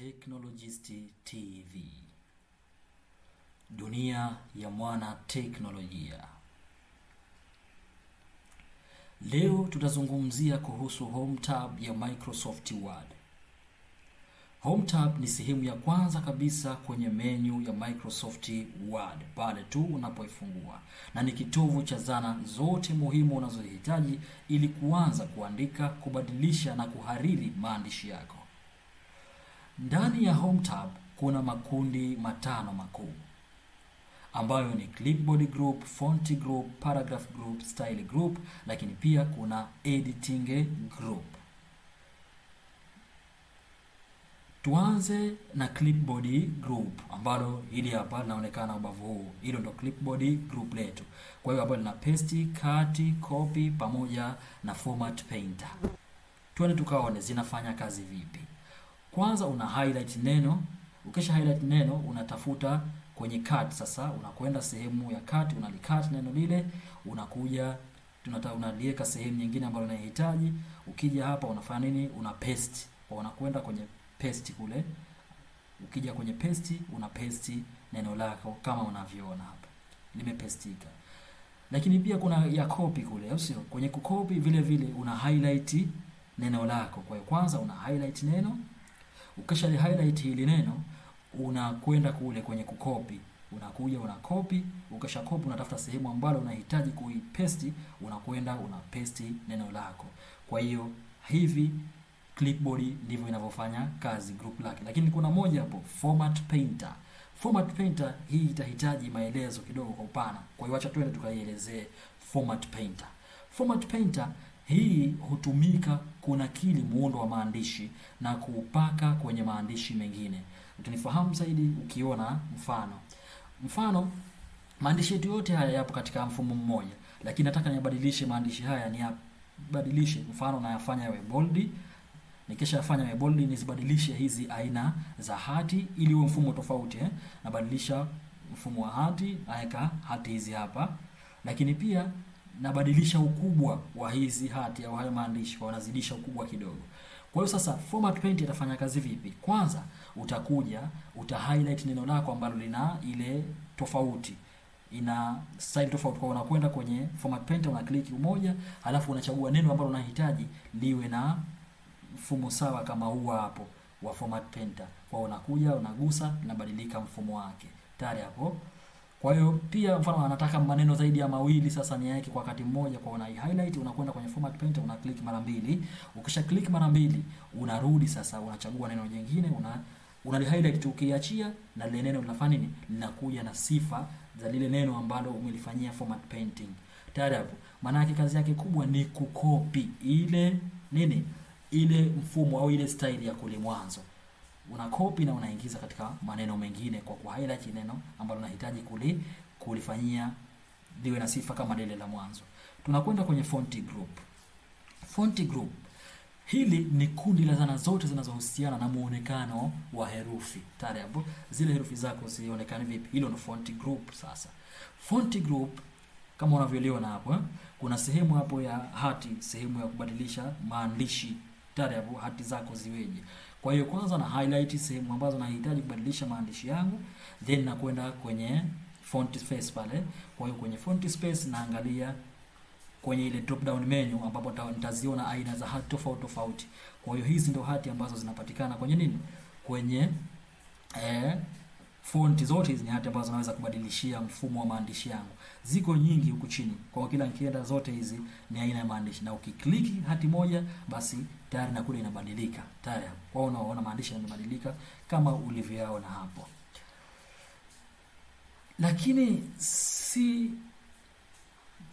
Technologist TV, dunia ya mwana teknolojia. Leo tutazungumzia kuhusu Home tab ya Microsoft Word. Home tab ni sehemu ya kwanza kabisa kwenye menyu ya Microsoft Word pale tu unapoifungua, na ni kitovu cha zana zote muhimu unazohitaji ili kuanza kuandika, kubadilisha na kuhariri maandishi yako. Ndani ya Home tab kuna makundi matano makuu ambayo ni clipboard group, font group, paragraph group, style group, lakini pia kuna editing group. Tuanze na clipboard group ambalo hili hapa linaonekana ubavu huu. Hilo ndo clipboard group letu. Kwa hiyo hapa lina paste, cut, copy pamoja na format painter. Tuone tukaone zinafanya kazi vipi. Kwanza una highlight neno, ukisha highlight neno unatafuta kwenye cut. sasa, unakwenda sehemu ya card, unalikat neno lile, unakuja tunataka unaliweka sehemu nyingine ambayo unahitaji. Ukija hapa unafanya nini? Una paste. Kwa unakwenda kwenye paste kule. Ukija kwenye paste una paste neno lako kama unavyoona hapa. Limepestika. Lakini pia kuna ya copy kule, au sio? Kwenye kukopi vile vile una highlight neno lako. Kwa hiyo kwanza una highlight neno Ukisha li highlight hili neno, unakwenda kule kwenye kukopi. Unakuja unakopi, ukisha kopi unatafuta sehemu ambalo unahitaji kuipesti, unakwenda unapesti neno lako. Kwa hiyo hivi clipboard ndivyo inavyofanya kazi group lake. Lakini kuna moja hapo format painter. Format painter hii itahitaji maelezo kidogo kwa upana. Kwa hiyo acha twende tukaielezee format painter. Format painter hii hutumika kunakili muundo wa maandishi na kuupaka kwenye maandishi mengine. Utanifahamu zaidi ukiona mfano. Mfano, maandishi yetu yote haya yapo katika mfumo mmoja, lakini nataka niyabadilishe maandishi haya, niyabadilishe mfano na yafanya yawe boldi. Nikisha yafanya yawe bold nizibadilishe hizi aina za hati ili uwe mfumo tofauti eh. Nabadilisha mfumo wa hati, naweka hati hizi hapa, lakini pia nabadilisha ukubwa wa hizi hati au hayo maandishi kwa nazidisha ukubwa kidogo. Kwa hiyo sasa format paint itafanya kazi vipi? Kwanza utakuja uta highlight neno lako ambalo lina ile tofauti ina style tofauti. Kwa unakwenda kwenye format paint una click umoja, alafu unachagua neno ambalo unahitaji liwe na mfumo sawa kama huu hapo wa format painter. Kwa unakuja unagusa, linabadilika mfumo wake tayari hapo kwa hiyo pia mfano anataka maneno zaidi ya mawili sasa ni yake kwa wakati mmoja, kwa una highlight, unakwenda kwenye format painter, una click mara mbili. Ukisha click mara mbili, unarudi sasa, unachagua neno jingine, una una highlight tu, ukiachia na lile neno linafanya nini, linakuja na sifa za lile neno ambalo umelifanyia format painting tayari hapo. Maana yake kazi yake kubwa ni kukopi ile nini, ile mfumo au ile style ya kule mwanzo unakopi na unaingiza katika maneno mengine kwa highlight neno ambalo unahitaji kuli kulifanyia liwe na sifa kama lile la mwanzo. Tunakwenda kwenye font group. Font group hili ni kundi la zana zote zinazohusiana na muonekano wa herufi. tarehe, zile herufi zako zionekane vipi? Hilo ni font group. Sasa font group kama unavyoliona hapo eh? Kuna sehemu hapo ya hati, sehemu ya kubadilisha maandishi. tarehe, hati zako ziweje? Kwa hiyo kwanza na highlight sehemu ambazo nahitaji kubadilisha maandishi yangu, then nakwenda kwenye font space pale. Kwa hiyo kwenye font space naangalia kwenye ile drop down menu ambapo nitaziona aina za hati tofauti tofauti. Kwa hiyo hizi ndio hati ambazo zinapatikana kwenye nini? Kwenye eh, font zote hizi ni hati ambazo naweza kubadilishia mfumo wa maandishi yangu. Ziko nyingi huku chini. Kwa kila nikienda zote hizi ni aina ya maandishi na ukiklik hati moja basi tayari na kule inabadilika tayari. Kwao unaona maandishi yanabadilika kama ulivyoyaona hapo, lakini si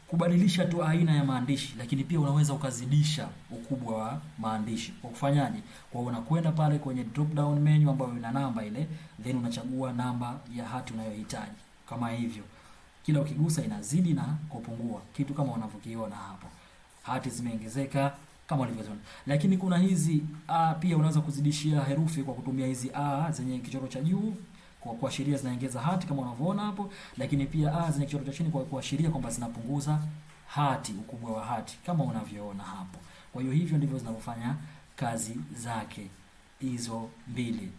kubadilisha tu aina ya maandishi, lakini pia unaweza ukazidisha ukubwa wa maandishi kwa kufanyaje? Kwa unakwenda pale kwenye drop down menu ambayo ina namba ile, then unachagua namba ya hati unayohitaji kama hivyo. Kila ukigusa inazidi na kupungua, kitu kama unavyokiona hapo, hati zimeongezeka kama walivyozoea. Lakini kuna hizi a, pia unaweza kuzidishia herufi kwa kutumia hizi a zenye kichoro cha juu kwa kuashiria zinaongeza hati kama unavyoona hapo, lakini pia a zenye kichoro cha chini kwa kuashiria kwamba zinapunguza hati, ukubwa wa hati kama unavyoona hapo. Kwa hiyo hivyo ndivyo zinavyofanya kazi zake hizo mbili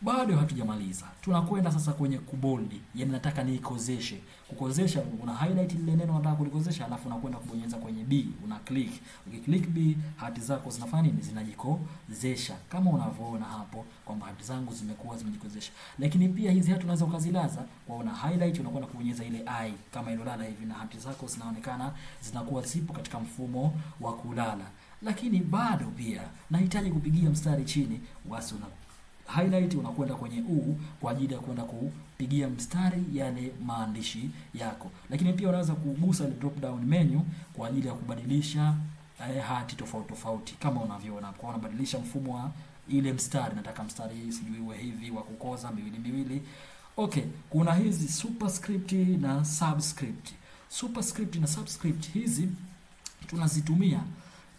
bado hatujamaliza, tunakwenda sasa kwenye kubondi. yani nataka niikozeshe. Kukozesha, una highlight lile neno unataka kulikozesha, alafu unakwenda kubonyeza kwenye B, una click. Ukiclick B, hati zako zinafanya nini? Zinajikozesha, kama unavyoona hapo kwamba hati zangu zimekuwa zimejikozesha. Lakini pia hizi hati unaweza ukazilaza kwa, una highlight, unakwenda kubonyeza ile i kama ilolala hivi, na hati zako zinaonekana zinakuwa zipo katika mfumo wa kulala. Lakini bado pia nahitaji kupigia mstari chini, wasi una highlight unakwenda kwenye u kwa ajili ya kwenda kupigia mstari yale maandishi yako, lakini pia unaweza kugusa ile drop down menu kwa ajili ya kubadilisha eh, hati tofauti tofauti kama unavyoona, kwa unabadilisha mfumo wa ile mstari, nataka mstari sijui uwe hivi wa kukoza miwili miwili. Okay, kuna hizi superscript na subscript. Superscript na subscript hizi tunazitumia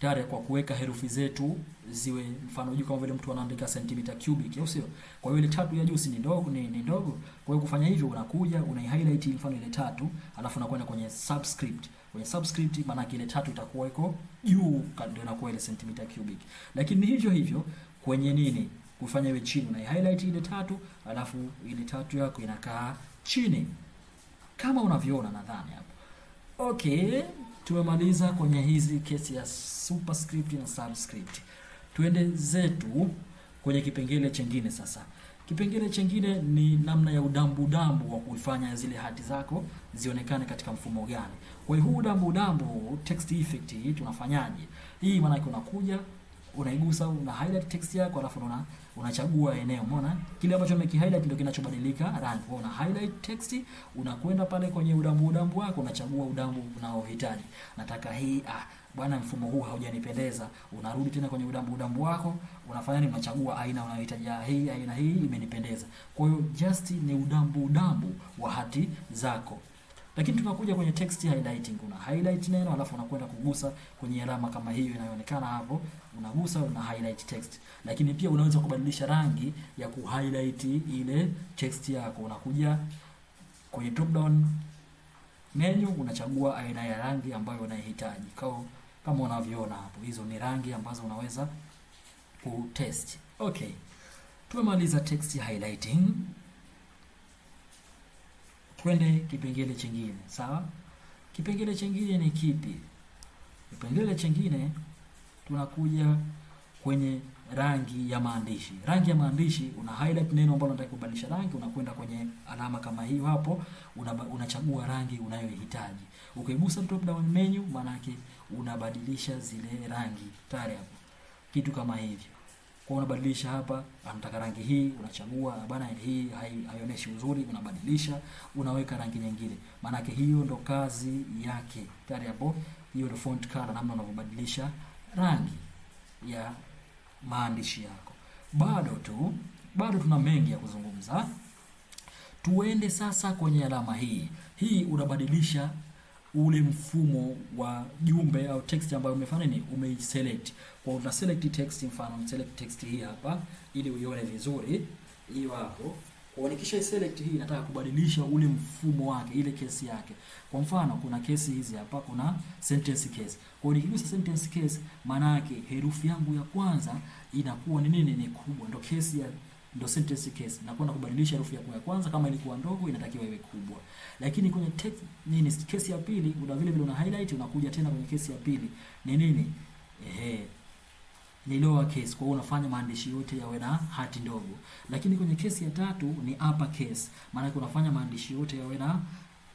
tare kwa kuweka herufi zetu ziwe mfano juu kama vile mtu anaandika sentimita cubic, au sio? Kwa hiyo ile tatu ya juu si ni ndogo, ni, ni ndogo. Kwa hiyo kufanya hivyo, unakuja una highlight mfano ile tatu, alafu unakwenda kwenye subscript. Kwenye subscript maana ile tatu itakuwa iko juu, ndio inakuwa ile sentimita cubic. Lakini hivyo hivyo kwenye nini kufanya iwe chini, una highlight ile tatu, alafu ile tatu yako inakaa chini kama unavyoona nadhani hapo. Okay, tumemaliza kwenye hizi kesi ya superscript na subscript. Tuende zetu kwenye kipengele chengine sasa. Kipengele chengine ni namna ya udambu dambu wa kuifanya zile hati zako zionekane katika mfumo gani. Kwa hiyo huu udambu dambu text effect hii tunafanyaje? Hii maana yake unakuja unaigusa una highlight text yako, alafu una unachagua eneo. Umeona kile ambacho umeki highlight ndio kinachobadilika rangi. Kwa una highlight text, unakwenda pale kwenye udambu udambu wako, unachagua udambu unaohitaji. Nataka hii ah, bwana, mfumo huu haujanipendeza. Unarudi tena kwenye udambu udambu wako, unafanya nini? Unachagua aina unayohitaji. Ah, hii aina hii imenipendeza. Kwa hiyo just ni udambu udambu wa hati zako. Lakini tunakuja kwenye text highlighting, una highlight neno alafu unakwenda kugusa kwenye alama kama hiyo inayoonekana hapo, unagusa una highlight text. Lakini pia unaweza kubadilisha rangi ya ku highlight ile text yako, unakuja kwenye drop down menu unachagua aina ya rangi ambayo unaihitaji. Kao kama unavyoona hapo, hizo ni rangi ambazo unaweza ku test. Okay, tumemaliza text highlighting. Twende kipengele chingine, sawa? Kipengele chingine ni kipi? Kipengele chingine tunakuja kwenye rangi ya maandishi. Rangi ya maandishi una highlight neno ambalo unataka kubadilisha rangi, unakwenda kwenye alama kama hiyo hapo, unachagua una rangi unayohitaji. Ukigusa drop down menu, maana yake unabadilisha zile rangi tayari hapo, kitu kama hivyo. Kwa unabadilisha hapa, anataka rangi hii, unachagua bana, hii haionyeshi uzuri, unabadilisha, unaweka rangi nyingine. Maana hiyo ndo kazi yake. Tayari hapo, hiyo ndo font color, namna unavyobadilisha rangi ya maandishi yako. Bado tu bado tuna mengi ya kuzungumza. Tuende sasa kwenye alama hii. Hii unabadilisha ule mfumo wa jumbe au text ambayo umefanya ni umeiselect. Kwa una select text, mfano select text hii hapa, ili uione vizuri hiyo hapo. Kwa nikisha select hii, nataka kubadilisha ule mfumo wake, ile kesi yake. Kwa mfano, kuna kesi hizi hapa, kuna sentence case. Kwa nikigusa sentence case, maana yake herufi yangu ya kwanza inakuwa ni nini? Ni kubwa, ndio kesi ya ndo sentence case na kwenda kubadilisha herufi ya ya kwanza, kama ilikuwa ndogo inatakiwa iwe kubwa. Lakini kwenye text nini, case ya pili una vile vile una highlight, unakuja tena kwenye case ya pili ni nini? Ehe, ni lower case, kwa hiyo unafanya maandishi yote yawe na hati ndogo. Lakini kwenye case ya tatu ni upper case, maana unafanya maandishi yote yawe na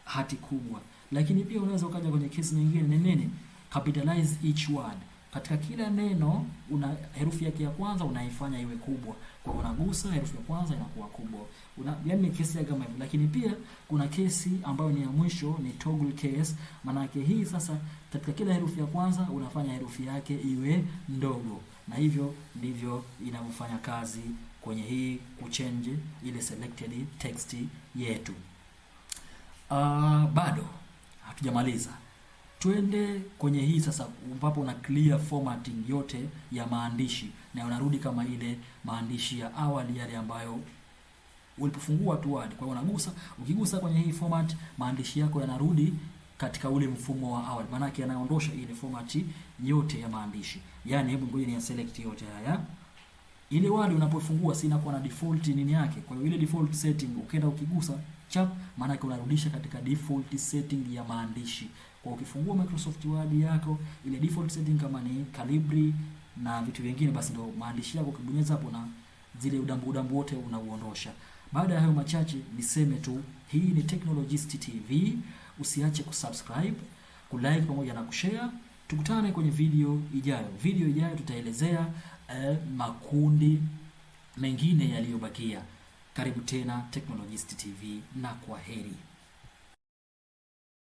hati kubwa. Lakini pia unaweza ukaja kwenye case nyingine ni nini, capitalize each word katika kila neno una herufi yake ya kwanza unaifanya iwe kubwa. Kwa hiyo unagusa herufi ya kwanza inakuwa kubwa. Una, yani ni kesi ya kama hivyo. Lakini pia kuna kesi ambayo ni ya mwisho ni toggle case. Maana yake hii sasa katika kila herufi ya kwanza unafanya herufi yake iwe ndogo. Na hivyo ndivyo inavyofanya kazi kwenye hii kuchange ile selected text yetu. Uh, bado hatujamaliza. Twende kwenye hii sasa, ambapo una clear formatting yote ya maandishi na unarudi kama ile maandishi ya awali yale ambayo ulipofungua tu Word. Kwa hiyo unagusa, ukigusa kwenye hii format maandishi yako yanarudi katika ule mfumo wa awali, Maana yake anaondosha ile format yote ya maandishi. Yaani hebu ngoja ni ya select yote haya ile Word unapofungua, si inakuwa na default nini yake. Kwa hiyo ile default setting ukienda ukigusa chap, maana yake unarudisha katika default setting ya maandishi. Kwa ukifungua Microsoft Word yako ile default setting kama ni Calibri na vitu vingine, basi ndio maandishi yako ukibonyeza hapo na zile udambu udambu wote unauondosha. Baada ya hayo machache, niseme tu hii ni Technologist TV. Usiache kusubscribe, kulike pamoja na kushare. Tukutane kwenye video ijayo. Video ijayo tutaelezea eh, makundi mengine yaliyobakia. Karibu tena Technologist TV na kwa heri.